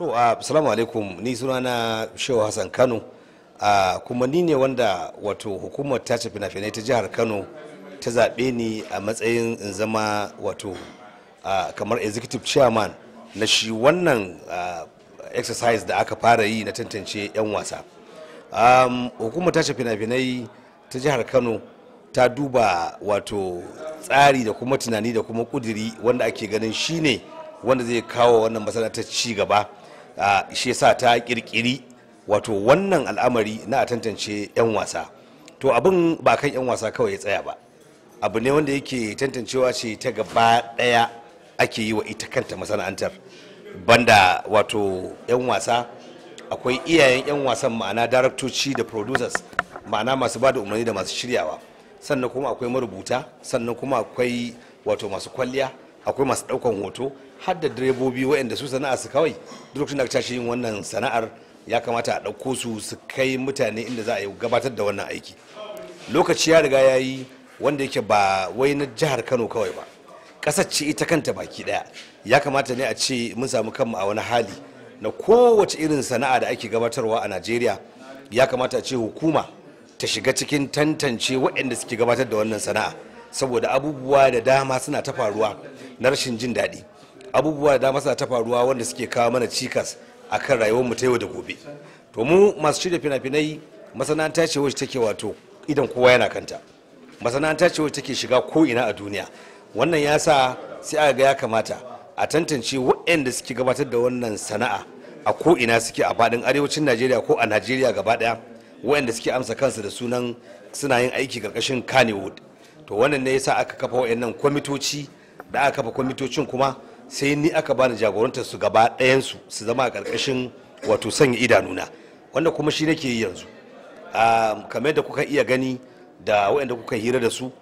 to Salamu alaikum ni sunana shehu hassan kano kuma ni ne wanda wato hukumar tace fina-finai ta jihar kano ta zaɓe ni a matsayin zama wato kamar executive chairman na shi wannan exercise da aka fara yi na tantance 'yan wasa hukumar tace fina-finai ta jihar kano ta duba wato tsari da kuma tunani da kuma kudiri wanda ake ganin shine wanda zai kawo wannan masana ta ci gaba shi yasa ta kirkiri wato wannan al'amari na a tantance 'yan wasa to abin ba kan 'yan wasa kawai ya tsaya ba abu ne wanda yake tantancewa ce ta gaba daya ake yi wa ita kanta masana'antar banda wato 'yan wasa akwai iyayen 'yan wasan ma'ana daraktoci da producers ma'ana masu ba da umarni da masu shiryawa sannan kuma akwai marubuta sannan kuma akwai wato masu kwalliya akwai masu daukan hoto har da direbobi wayanda su sana'a su kawai duk da ka tashi yin wannan sana'ar ya kamata a dauko su su kai mutane inda za a yi gabatar da wannan aiki lokaci ya riga ya yi wanda yake ba wai na jihar kano kawai ba ƙasar ce ita kanta baki ɗaya ya kamata ne a ce mun samu kanmu a wani hali na kowace irin sana'a da ake gabatarwa a najeriya ya kamata a ce hukuma ta shiga cikin tantance waɗanda suke gabatar da wannan sana'a saboda abubuwa da dama suna ta faruwa na rashin jin daɗi abubuwa da dama suna ta faruwa wanda suke kawo mana cikas a kan rayuwarmu ta yau da gobe to mu masu shirya fina-finai masana'anta ce wacce take wato idan kowa yana kanta masana'anta ce wacce take shiga ko ina a duniya wannan ya sa sai aka ga ya kamata a tantance waɗanda suke gabatar da wannan sana'a a ko ina suke a faɗin arewacin najeriya ko a najeriya gaba ɗaya waɗanda suke amsa kansu da sunan suna yin aiki ƙarƙashin kanewood to wannan ne yasa aka kafa wayannan kwamitoci da aka kafa kwamitocin kuma sai ni aka bani jagorantar su gaba ɗayan su su zama a ƙarƙashin wato sanya idanuna wanda kuma shi nake yi yanzu ah, kamar da kuka iya gani da wayanda kuka hira da su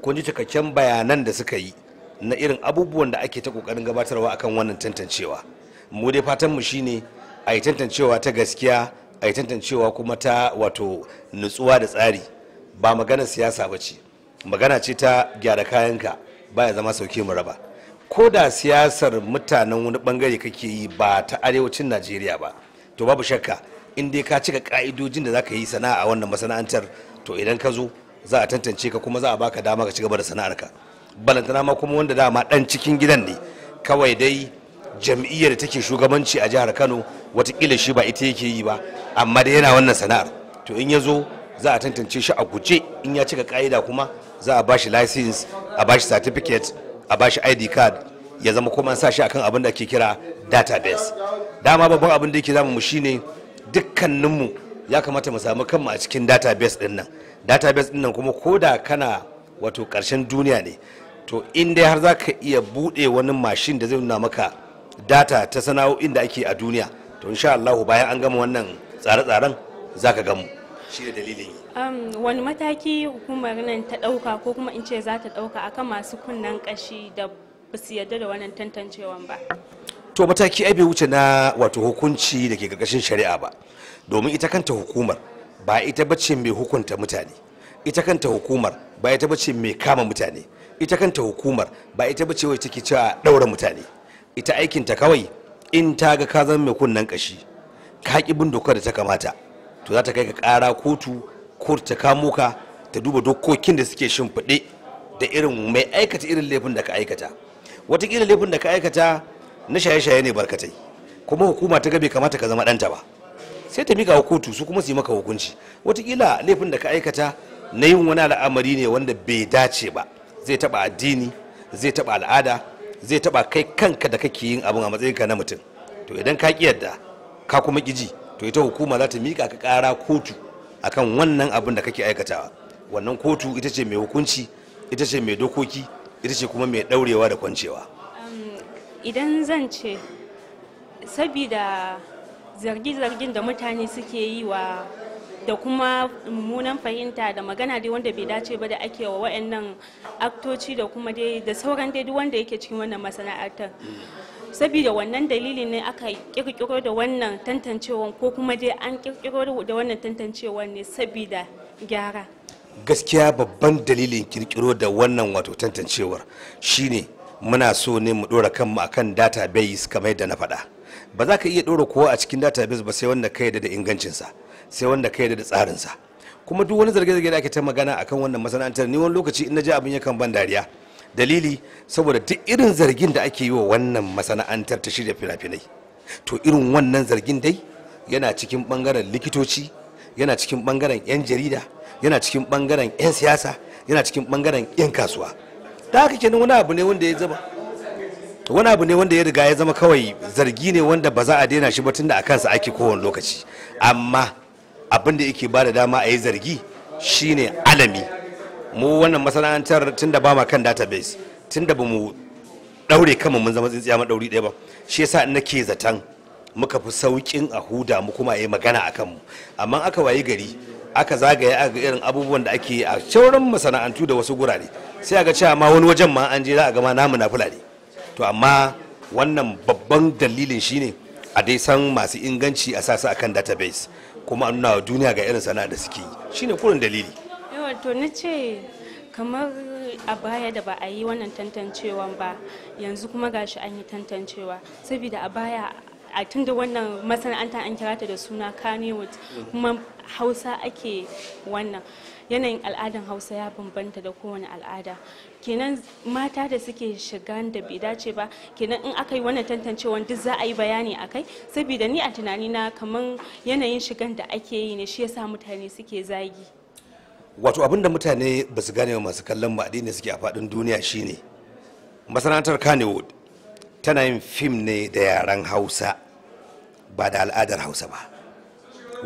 kun ji cikakken bayanan da suka yi na irin abubuwan da ake ta kokarin gabatarwa akan wannan tantancewa mu dai fatan mu shine a yi tantancewa ta gaskiya a yi tantancewa kuma ta wato nutsuwa da tsari ba magana siyasa ba ce magana ce ta gyara kayanka baya zama sauke mu raba ko da siyasar mutanen wani bangare kake yi ba ta arewacin najeriya ba to babu shakka in dai ka cika ka'idojin da zaka yi sana'a a wannan masana'antar to idan ka zo za a tantance ka kuma za a baka dama ka cigaba gaba da sana'arka balantana ma kuma wanda dama dan cikin gidan ne kawai dai jam'iyyar da take shugabanci a jihar kano watakila shi ba ita yake yi ba amma dai yana wannan sana'ar to in ya zo za a tantance shi a guje in ya cika ka'ida kuma za a bashi license a bashi certificate a bashi id card ya zama kuma sa shi akan abin da ke kira database dama babban abin da yake zama mu shine dukkaninmu ya kamata mu samu kanmu a cikin database din nan database din nan kuma koda kana wato karshen duniya ne to in dai har zaka iya bude wani mashin da zai nuna maka data ta sana'o'in da ake a duniya to insha Allah bayan an gama wannan tsare-tsaren zaka ka mu. shi da dalilin yi wani mataki hukumar nan ta ɗauka ko kuma in ce za ta ɗauka akan masu kunnen kashi da ba su yarda da wannan tantancewan ba to mataki ai bai wuce na wato hukunci da ke ƙarƙashin shari'a ba domin ita kanta hukumar ba ita bace mai hukunta mutane ita kanta hukumar ba ita bace mai kama mutane ita kanta hukumar ba ita bace wai take cewa ɗaura mutane ita aikinta kawai in ta ga ka zama mai kunnen kashi ka ƙi bin dokar da ta kamata to za ta kai ka kara kotu kotu ta kamo ka ta duba dokokin da suke shimfiɗe da irin mai aikata irin laifin da ka aikata watakila laifin da ka aikata na shaye-shaye ne barkatai kuma hukuma ta ga bai kamata ka zama danta ba sai ta mika kotu su kuma su yi maka hukunci watakila laifin da ka aikata na yin wani al'amari ne wanda bai dace ba zai taba addini zai taba al'ada zai taba kai kanka da kake yin abin a matsayinka na mutum to idan ka ƙi yadda ka kuma ƙiji. to ita hukuma za ta miƙa ka ƙara kotu akan wannan abin da kake aikatawa wannan kotu ita ce mai hukunci ita ce mai dokoki ita ce kuma mai ɗaurewa da kwancewa idan zan ce sabida zargi-zargin da mutane suke yi wa da kuma mummunan fahimta da magana dai wanda bai dace ba da ake wa wa'annan aktoci da kuma dai da sauran dai wanda yake cikin wannan masana'antar saboda wannan dalilin ne aka kirkiro da wannan tantancewan ko kuma dai an kirkiro da wannan tantancewan ne saboda gyara gaskiya babban dalilin kirkiro da wannan wato tantancewar shine muna so ne mu dora kanmu akan database kamar yadda na faɗa ba za ka iya dora kowa a cikin database ba sai wanda ka yarda da ingancinsa sai wanda ka da da tsarinsa kuma duk wani zarge-zarge da ake ta magana akan wannan masana'antar ni wani lokaci in na ji abin yakan ban dariya dalili saboda duk irin zargin da ake yi wa wannan masana'antar ta shirya fina-finai to irin wannan zargin dai yana cikin bangaren likitoci yana cikin bangaren 'yan jarida yana cikin bangaren 'yan siyasa yana cikin bangaren 'yan kasuwa ta haka kenan wani abu ne wanda ya zama wani abu ne wanda ya riga ya zama kawai zargi ne wanda ba za a daina shi ba tunda a kansa ake kowane lokaci amma abin da yake ba da dama a yi zargi shine alami mu wannan masana'antar tun da ba ma kan database tun da ba mu daure kanmu mun zama tsintsiya madauri ɗaya ba shi yasa ke zaton muka fi saukin a huda mu kuma yi magana a kanmu amma aka wayi gari aka zagaye a ga irin abubuwan da ake a sauran masana'antu da wasu gurare sai a ga cewa ma wani wajen ma an je za a gama namu na fulani to amma wannan babban dalilin shine a dai san masu inganci a su akan database kuma a nuna wa duniya ga irin sana'a da suke yi shine kurin dalili yawa to na ce kamar a baya da ba a yi wannan tantancewan ba yanzu kuma gashi an yi tantancewa saboda a baya a tun da wannan masana'anta an kira ta da suna kanewood kuma hausa ake wannan yanayin al'adan hausa ya bambanta da kowane al'ada kenan mata da suke shiga da bai dace ba kenan in aka yi wannan tantancewa duk za a yi bayani a kai saboda ni a tunani na kamar yanayin shigan da ake yi ne shi yasa mutane suke zagi wato abin da mutane ba su gane masu kallon mu addini suke a fadin duniya shine masana'antar kanewood tana yin fim ne da yaren hausa ba da al'adar hausa ba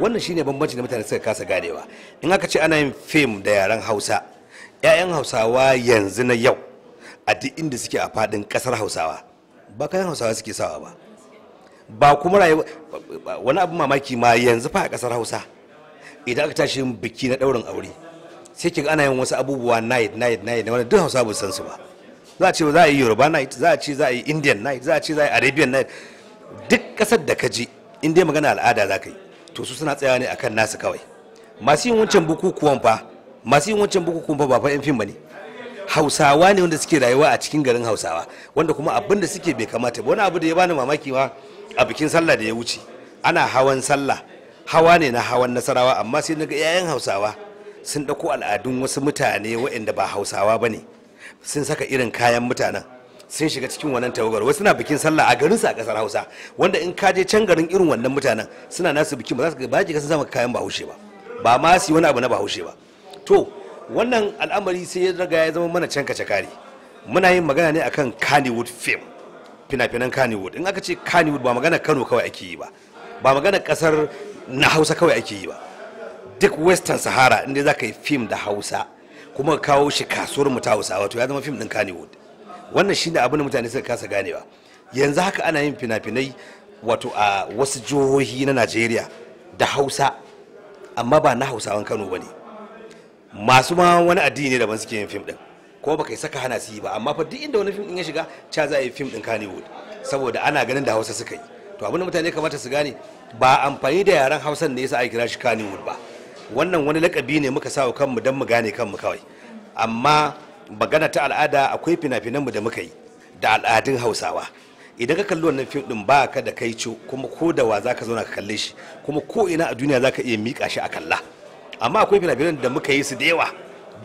wannan shine bambanci da mutane suka kasa ganewa in aka ce ana yin fim da yaren hausa 'ya'yan hausawa yanzu na yau a duk inda suke a faɗin ƙasar hausawa ba kayan hausawa suke sawa ba ba kuma rayuwa wani abin mamaki ma yanzu fa a ƙasar hausa idan aka tashi biki na ɗaurin aure sai kiga ana yin wasu abubuwa night night night wanda duk hausa ba san su ba za a ce za a yi yoruba night za a ce za a yi indian night za a ce za a yi arabian night duk kasar da ka je in dai magana al'ada za ka yi to su suna tsayawa ne akan nasu kawai masu yin wancan bukukuwan fa masu yin wancan bukukuwan fa ba fa yan fim ba ne hausawa ne wanda suke rayuwa a cikin garin hausawa wanda kuma abin da suke bai kamata ba wani abu da ya bani mamaki ma a bikin sallah da ya wuce ana hawan sallah hawa ne na hawan nasarawa amma sai na ga 'ya'yan hausawa sun ɗauko al'adun wasu mutane waɗanda ba hausawa ba ne sun saka irin kayan mutanen sun shiga cikin wannan tawagar wasu na bikin sallah a garinsu a kasar hausa wanda in ka je can garin irin wannan mutanen suna nasu bikin ba za su ga baki sun sama kayan bahaushe ba ba ma su yi wani abu na bahaushe ba to wannan al'amari sai ya raga ya zama mana can kace kare muna yin magana ne akan kannywood film fina-finan kannywood in aka ce kannywood ba magana kano kawai ake yi ba ba magana kasar na hausa kawai ake yi ba duk western sahara inda za ka yi fim da hausa kuma kawo shi kasuwar mu ta hausa wato ya zama fim din kannywood wannan shine abin da mutane suka kasa ganewa yanzu haka ana yin fina-finai wato a wasu jihohi na najeriya da hausa amma ba na hausawan kano ba ne masu ma wani addini daban suke yin fim din ko ba kai saka hana su yi ba amma fa duk inda wani fim din ya shiga ca za a yi fim din kannywood saboda ana ganin da hausa suka yi to abin da mutane kamata su gane ba amfani da yaren hausan ne yasa a kira shi kannywood ba wannan wani lakabi ne muka sa kanmu don mu gane kanmu kawai amma magana ta al'ada akwai fina-finanmu da muka yi da al'adun hausawa idan ka kalli wannan fim din ba ka da kai kuma ko da wa zaka zauna ka kalle shi kuma ko ina a duniya zaka iya mika shi a kalla amma akwai fina-finan da muka yi su da yawa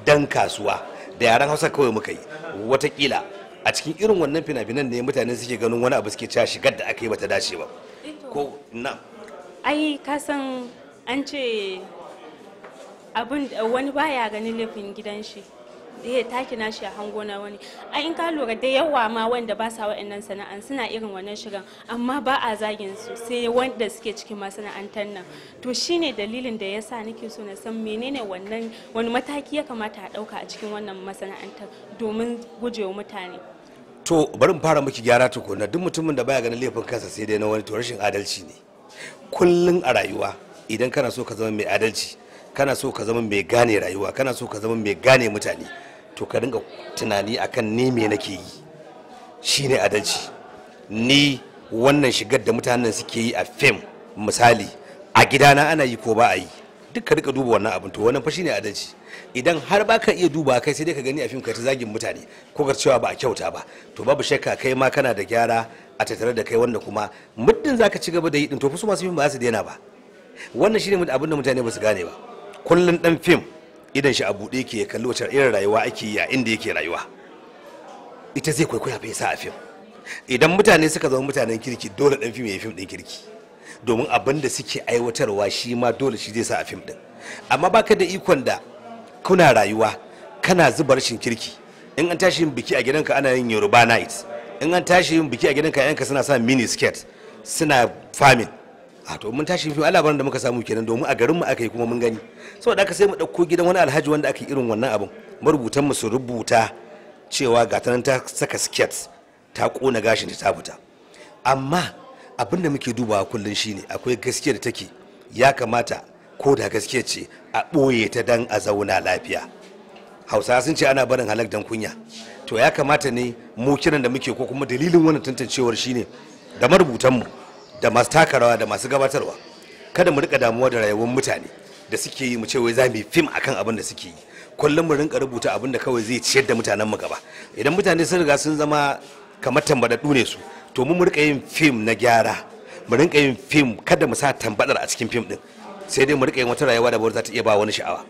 dan kasuwa da yaran hausa kawai muka yi watakila a cikin irin wannan fina-finan ne mutane suke ganin wani abu suke cewa shigar da aka yi bata dace ba eh ko na ai ka san an ce abin wani baya ganin laifin gidan shi da ya taki nashi a hango na wani a in ka lura da yawa ma wanda ba sa wa'annan sana'an suna irin wannan shigan amma ba a zagin su sai wanda suke cikin masana'antar nan to shine dalilin da ya sa nake so na san menene wannan wani mataki ya kamata a dauka a cikin wannan masana'antar domin gujewa mutane to bari mu fara miki gyara tukuna duk mutumin da baya ganin laifin kansa sai dai na wani to rashin adalci ne kullun a rayuwa idan kana so ka zama mai adalci kana so ka zama mai gane rayuwa kana so ka zama mai gane mutane to ka dinga tunani akan ni me nake yi shine adalci ni wannan shigar da mutanen suke yi a fim misali a gidana ana yi ko ba a yi duk ka rika duba wannan abin to wannan fa shine adalci idan har ba ka iya duba kai sai dai ka gani a fim kai ta zagin mutane ko ka cewa ba a kyauta ba to babu shakka kai ma kana da gyara a tattare da kai wanda kuma muddin zaka ci gaba da yi din to fa su masu fim ba za su daina ba wannan shine abin da mutane ba su gane ba kullun dan fim idan shi a buɗe ke kalli wacce irin rayuwa ake yi a inda yake rayuwa ita zai kwaikwaya bai sa a fim idan mutane suka zama mutanen kirki dole dan fim ya yi fim din kirki domin abin da suke aiwatarwa shi ma dole shi zai sa a fim din amma baka da ikon da kuna rayuwa kana zuba rashin kirki in an tashi yin biki a gidanka ana yin yoruba night in an tashi yin biki a gidanka yanka suna sa mini skirt suna famin a to mun tashi fi barin da muka samu kenan domin a mu aka yi kuma mun gani saboda aka sai mu ɗauko gidan wani alhaji wanda aka irin wannan abin marubutan mu su rubuta cewa gata nan ta saka skirt ta kona gashin ta fita amma abin da muke dubawa kullum shine akwai gaskiya da take ya kamata ko da gaskiya ce a boye ta dan a zauna lafiya hausa sun ce ana barin halak dan kunya to ya kamata ne mu kiran da muke ko kuma dalilin wannan tantancewar shine da mu da masu takarawa da masu gabatarwa kada mu rika damuwa da rayuwar mutane da suke yi mu ce wai za mu yi fim akan abin da suke yi kullum mu rinka rubuta abin da kawai zai ciyar da mutanen mu gaba idan mutane sun riga sun zama kamar tambadaddu ne su to mu rika yin fim na gyara mu rinka yin fim kada mu sa tambadar a cikin fim din sai dai mu rika yin wata rayuwa da za ta iya ba wani sha'awa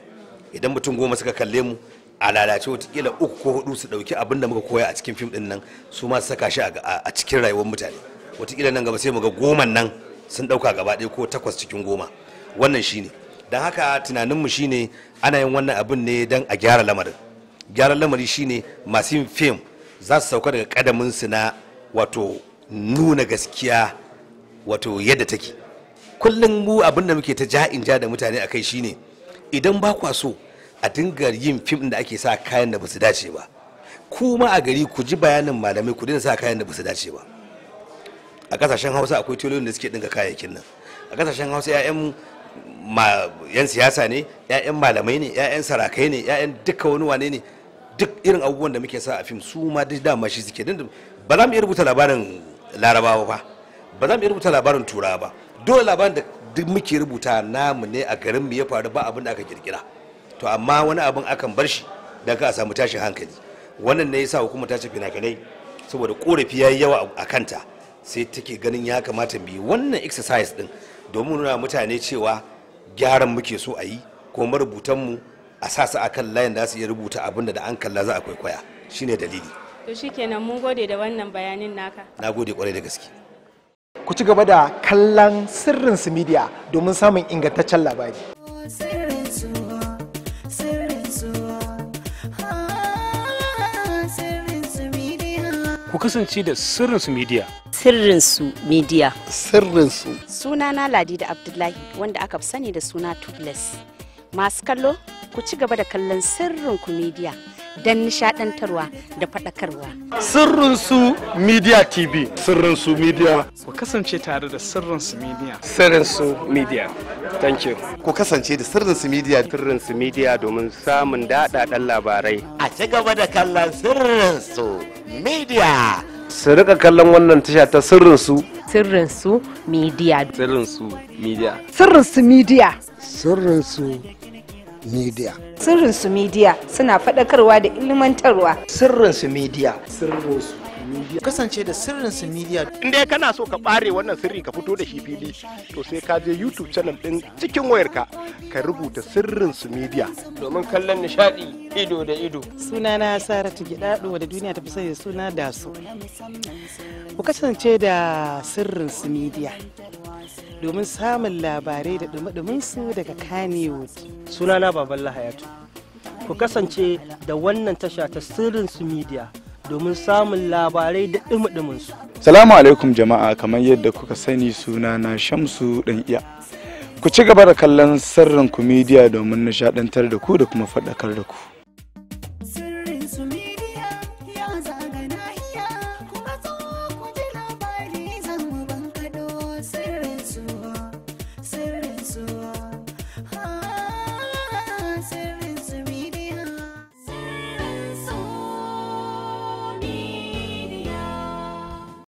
idan mutum goma suka kalle mu a lalace watakila uku ko hudu su dauki abin da muka koya a cikin fim din nan su ma su saka shi a cikin rayuwar mutane watakila nan gaba sai mu ga goman nan sun ɗauka gaba ɗaya ko takwas cikin goma wannan shine don haka tunaninmu shine ana yin wannan abin ne don a gyara lamarin gyaran lamari shine masu yin fim za su sauka daga su na wato nuna gaskiya wato yadda take kullum mu abin da muke ta ja'in ja da mutane akai shine idan ba kwa so a dinga yin fim da ake sa kayan da ba su dace ba kuma a gari ku ji bayanin malamai ku dina sa kayan da ba su dace ba a kasashen hausa akwai telolin da suke dinga kayayyakin nan a kasashen hausa 'ya'yan yan siyasa ne 'ya'yan malamai ne 'ya'yan sarakai ne 'ya'yan duka wani wane ne duk irin abubuwan da muke sa a fim su ma duk dama shi suke ba za mu iya rubuta labarin larabawa ba ba za mu iya rubuta labarin turawa ba dole labarin da duk muke rubuta namu ne a garin mu ya faru ba abin da aka kirkira to amma wani abin akan bar shi don ka samu tashin hankali wannan ne yasa hukumar ta ce fina-finai saboda korafi ya yi yawa a kanta sai take ganin ya kamata mu yi wannan exercise din domin nuna mutane cewa gyaran muke so a yi ko marubutanmu a sa su akan layin da su iya rubuta abin da an kalla za a kwaikwaya shine dalili to kenan mun gode da wannan bayanin naka na gode kwarai da gaske ku ci gaba da kallon sirrin su media domin samun ingantaccen labari ku kasance da sirrinsu media sirrinsu media sirrinsu sunana ladida abdullahi wanda aka fi sani da suna tubeless masu kallo ku ci gaba da kallon sirrinku media don nishadantarwa da faɗakarwa sirrinsu media tv sirrinsu media ku kasance tare da sirrinsu media sirrinsu media thank you ku kasance da sirrinsu media sirrinsu media domin samun daɗaɗɗen labarai a ci gaba da kallon sirrinsu media su rika kallon wannan tasha ta sirrinsu sirrinsu media sirrinsu media sirrinsu media sirrinsu media sirrinsu media suna faɗakarwa da ilmantarwa sirrinsu media sirrinsu media kasance da sirrin su media in dai kana so ka bare wannan sirri ka fito da shi fili to sai ka je youtube channel din cikin wayarka ka rubuta sirrin su media domin kallon nishadi ido da ido Suna sara saratu dadu da duniya ta fi sani suna da su ku kasance da sirrin su media domin samun labarai da dumi su daga kanewood na baballa lahayatu ku kasance da wannan tasha ta sirrin su media domin samun labarai da dumudumin Salamu alaikum jama'a kamar yadda kuka sani suna na Shamsu dan iya. Ku ci gaba da kallon sirrin kumidiya domin domin nishadantar da ku da kuma faɗakar da ku.